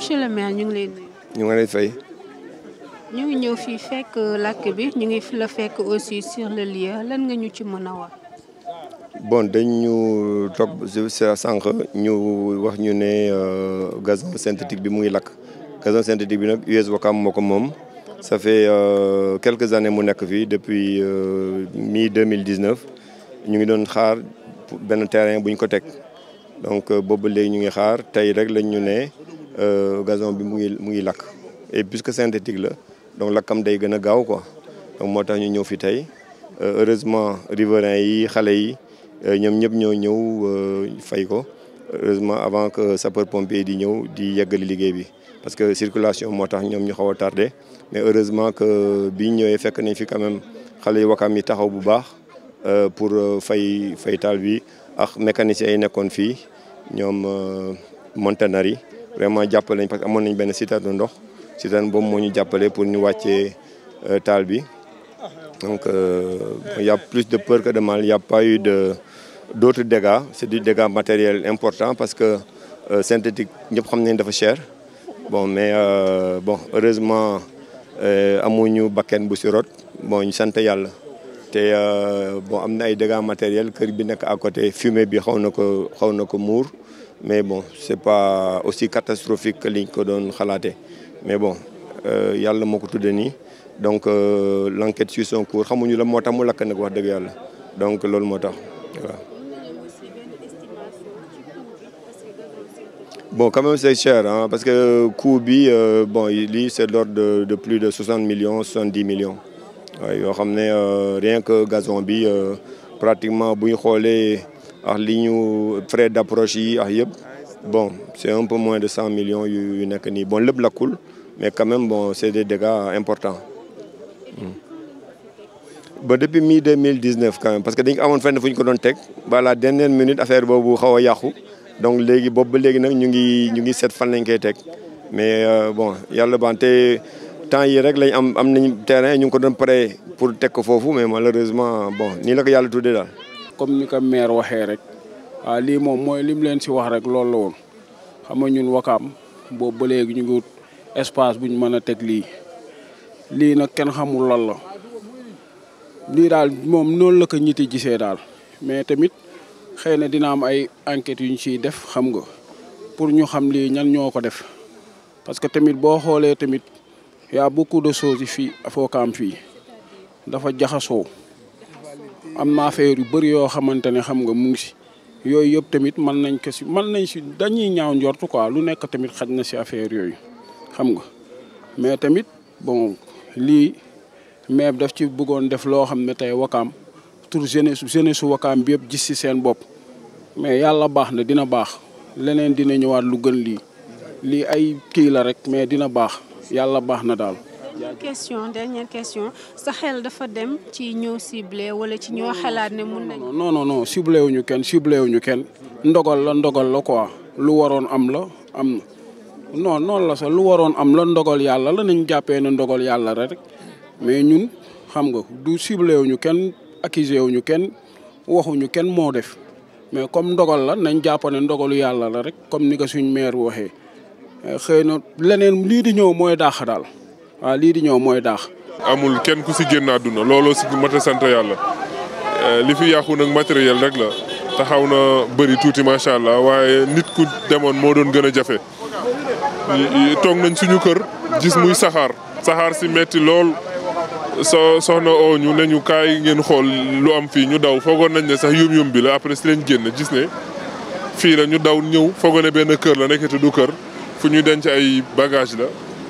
monsieur le maire ñu ngi lay nuyu. ñu ngi lay fay. ñu ngi ñëw fii fekk làkk bi ñu ngi la fekk aussi sur le lieu lan nga ñu ci mën a wax. bon dañ ñu toog sànq ñu wax ñu ne euh, gazon synthétique bi muy ngi lakk gazon synthétique bi nag US Ouakam moo ko moom ça fait euh, quelques années mu nekk fii depuis euh, mi 2019 ñu ngi doon xaar benn terrain bu ñu ko teg donc euh, boobu léegi ñu ngi xaar tey rek lañ ñu ne. Euh, gazon bi mu ngi mu ngi lakk et puisque synthétique la donc lakkam day gën a gaaw ko donc moo tax ñu ñëw fi tey euh, heureusement riverains yi xale yi euh, ñoom ñëpp ñoo ñëw fay ko heureusement avant que sapeur pompier di ñëw di yeggali liggéey bi parce que circulation moo tax ñoom ñu xaw a tardé mais heureusement que bi ñëwee fekk nañ fi quand xale yi wakaam yi taxaw bu baax pour fay fay taal bi ak mécaniciens ay nekkoon fii ñoom montanari vraiment jàppale nañ parce que amoon nañ benn citerne ndox citerne boobu moo ñu jàppale pour ñu wàccee euh, taal bi donc euh, il plus de peur que de mal il y a pas eu de d'autres dégâts c'est du dégât matériels important parce que euh, synthétique ñëpp xam nañ dafa cher bon mais bon heureusement amuñu bakken bu si rot bon ñu sant yàlla te euh, bon am na ay dégâts matériels kër bi nekk à côté fumier bi xaw na ko xaw na ko muur mais bon c'est pas aussi catastrophique que liñ ko doon xalaatee mais bon euh, yàlla moo ko tuddee nii donc euh, l'enquête suit son cours xamuñu la moo tax mu lakk nag wax dëgg yàlla donc loolu moo tax waaw. Bon, quand même, c'est cher, parce que Koubi, euh, bon, lui, c'est l'ordre de, plus de 60 millions, 70 millions. yoo xam ne euh, rien que gazon bi euh, pratiquement bu ñu xoolee ak li ñu frais d'approche yi ak yëpp bon c'est un peu moins de cent millions yu nekk nii bon lépp lakkul mais quand même bon c'est des dégâts importants. Hmm. ba depuis mi 2019 quand même parce que dañ ko amoon fenn fu ñu ko doon teg ba la dernière minute affaire boobu xaw a yàqu donc léegi boobu ba léegi nag ñu ngi ñu ngi seet fan lañ koy teg mais euh, bon yàlla bante temps yi rek lañ am am nañu terrain ñu ngi ko doon pare pour teg ko foofu mais malheureusement bon nii la ko yàlla tuddee daal. comme ni ko maire waxee rek ah lii moom mooy li leen si wax rek loolu la woon xam nga ñun wakaam boobu ba léegi ñu ngi wut espace bu ñu mën a teg lii lii nag kenn xamul lan la lii daal moom noonu la ko ñiti gisee daal mais tamit xëy na dina am ay enquêtes yu ñu ciy def xam nga pour ñu xam lii ñan ñoo ko def parce tamit boo xoolee tamit. yaa a beaucoup de choses fii Ouakam fii dafa jaxasoo am na affaire yu bëri yoo xamante ne xam nga mu ngi si yooyu yëpp tamit mën nañ ko si mën nañ si dañuy ñaaw njortu quoi lu nekk tamit xaj na si affaire yooyu xam nga mais tamit bon lii mais daf ci bëggoon def loo xam ne tey Ouakam tour jeunesse jeunesse Ouakam bi yëpp gis si seen bopp mais yàlla baax na dina baax leneen dina ñëwaat lu gën lii lii ay kii la rek mais dina baax. yàlla baax na daal. dernière question question sa xel dafa dem ci ñëw ciblé wala ci ñoo xalaat ne mun nañu. non non non ciblé wuñu kenn ciblé wuñu kenn ndogal la ndogal la quoi lu waroon am la am na noonu la sax lu waroon am la ndogal yàlla la nañ jàppee ne ndogal yàlla rek mais ñun xam nga du ciblé wuñu kenn accusé wuñu kenn waxuñu kenn moo def mais comme ndogal la nañ jàpp ne ndogalu yàlla la rek comme ni ko suñ maire waxee. Euh, xëy leneen lii di ñëw mooy daax daal waaw lii di ñëw mooy daax. amul kenn ku si génn àdduna looloo si mat a yàlla euh, li fi yàqu nag matériel rek la te na bëri tuuti macha allah waaye nit ku demoon moo doon gën a jafe. toog nañ suñu kër gis muy saxaar saxaar si metti lool soo soxna oo ñu ne ñu kaay ngeen xool lu am fii ñu daw foogoon nañ ne sax yum yum bi la après si lañ génn gis ne fii rek ñu daw ñëw foogoon ne benn kër la nekkati du kër. fu ñu denc ay bagage la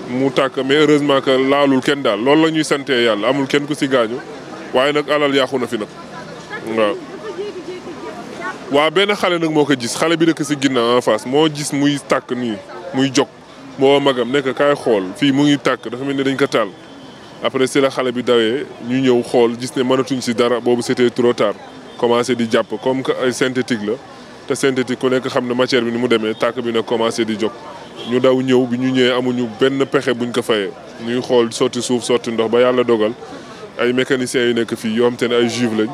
mu tàkk mais heureusement que laalul kenn daal loolu la ñuy sante yàlla amul kenn ku si gaañu waaye nag alal yàqu na fi nag waa benn xale nag moo ko gis xale bi dëkk si ginnaaw en face moo gis muy tàkk nii muy jog moo magam nekk kaay xool fii mu ngi tàkk dafa mel ni dañ ko taal. après si la xale bi dawee ñu ñëw xool gis ne mënatuñ si dara boobu setee trop tard commencé di jàpp comme que ay synthétique la te synthétique ku nekk xam ne matière bi ni mu demee tàkk bi nag commencé di jóg. ñu daw ñëw bi ñu ñëwee amuñu benn pexe buñ ko fayee ñuy xool sotti suuf sotti ndox ba yàlla dogal ay mécaniciens yu nekk fii yoo te ne ay juif lañ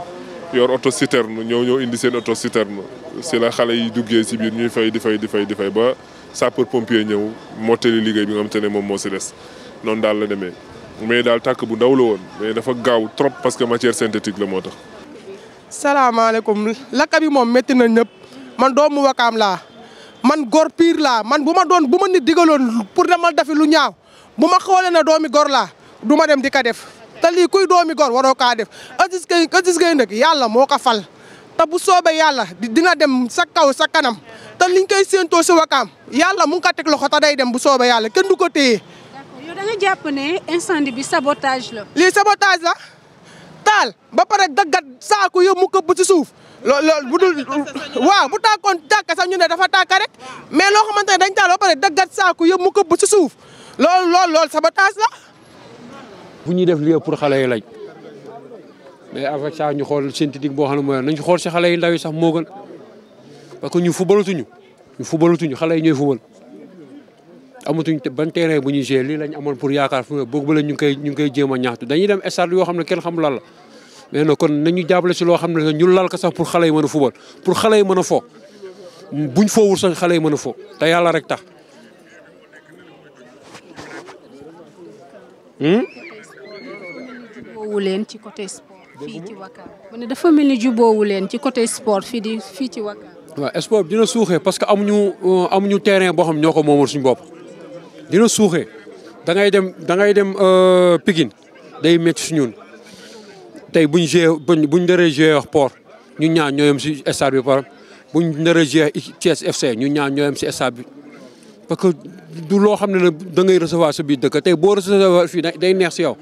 yor auto citerne ñoo ñëw indi seen auto citerne si la xale yi duggee si biir ñuy fay di fay di fay ba fay ba sapeur pompier ñëw mottali liggéey bi nga xam te moom moo si des noonu daal la demee mais daal tàkk bu ndaw la woon mais dafa gaaw trop parce que matière synthétique la moo tax. salaamaaleykum lakk bi moom métti na ñëpp man doomu Wakaam laa. man góor pire la man bu ma doon bu ma nit digaloon pour dama dafi lu ñaaw bu ma xoolee na doomi gor la du ma dem di ka def te lii kuy doomi góor waroo kaa def Aziz Gueye Aziz Gueye nag yàlla moo ko fal ta bu soobee yàlla dina dem sa kaw sa kanam te liñ koy séentoo si wakaam yàlla mu ngi ko teg loxo te day dem bu soobee yàlla kenn du ko téye. d'accord yow jàpp ne incendie bi sabotage la. lii sabotage la taal ba pare daggat saako yëpp mu këpp ci suuf. lool loolu bu dul waaw bu tàkkoon tàkk sax ñu ne dafa tàkk rek mais loo xamante ne dañ taal ba pare daggat saako yëpp mu këbb si suuf lool loolu loolu sabotage la. bu ñu def lii pour xale yi lañ mais avec ça ñu xool synthétique boo xam ne mooy nañu xool si xale yi ndaw yi sax moo gën parce que ñu fubalatuñu ñu fubalatuñu xale yi ñooy fubal amatuñ ban bu ñuy gérer lii lañ amoon pour yaakaar fu mu ne boobu la ñu ngi koy ñu ngi koy a ñaxtu dañuy dem stade yoo xam ne kenn xamul lan la. mais nag kon nañu jàppale si loo xam ne ñu lal ko sax pour xale yi mën a fubal pour xale yi mën a fo buñ foowul sax xale yi mën a fo te yàlla rek tax. Hmm? jubóowu leen ci côté sport fii ci ne dafa mel ni jubóowu leen ci côté sport fii di fii ci Wakaam. waa sport dina suuxee parce que amuñu euh, ñu terrain boo xam ñoo ko moomal suñu bopp dina suuxee dangay dem da ngay dem euh, Pikine day metti si ñun. tey buñ joué buñ naree joué wax port ñu ñaar ñooyam si stade bi par buñ naree joué Thiès FC ñu ñaar ñooyam si stade bi parce que du loo xam ne ne da ngay recevoir sa biir dëkk tey boo recevoir fii day neex si yow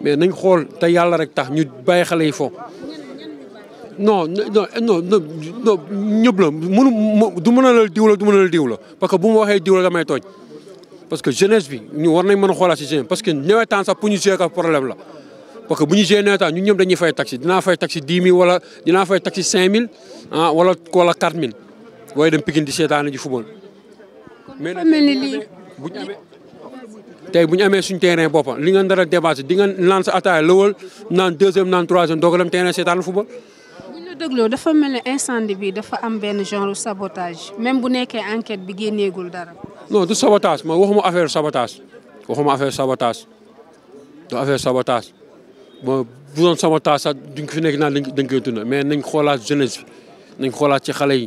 mais nañ xool te yàlla rek tax ñu bàyyi xale yi foofu non non non non ñëpp la mënu du mën a lal diw la du mën a lal diw la parce que bu ma waxee diw la damay tooñ parce que jeunesse bi ñu war nañ mën a xoolaat si jeunesse parce que nawetaan sax pour ñu joué ka problème la parce que bu ñu génne temps ñun ñëpp dañuy fay taxi dinaa fay taxi dix mille wala dinaa fay taxi cinq mille ah wala wala quatre mille booy dem Pikine di seetaan ji football. mais bu ñu amee tey bu amee suñu terrain boppam li nga nar a dépassé di nga naan sa ataaya lëwal naan deuxième naan troisième doog a dem terrain seetaan football. bu ñu la dafa mel ne incendie bi dafa am benn genre sabotage même bu nekkee enquête bi génneegul dara. non du sabotage ma waxuma affaire sabotage waxuma affaire sabotage du affaire sabotage. bon bu sama taas sax duñ fi nekk naan dañ koy dund mais nañ xoolaat jeunesse bi nañ xoolaat ci xale yi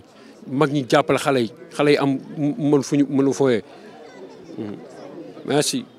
mag ñi jàppale xale yi xale yi am mën fu ñu mën fooyee hmm. merci.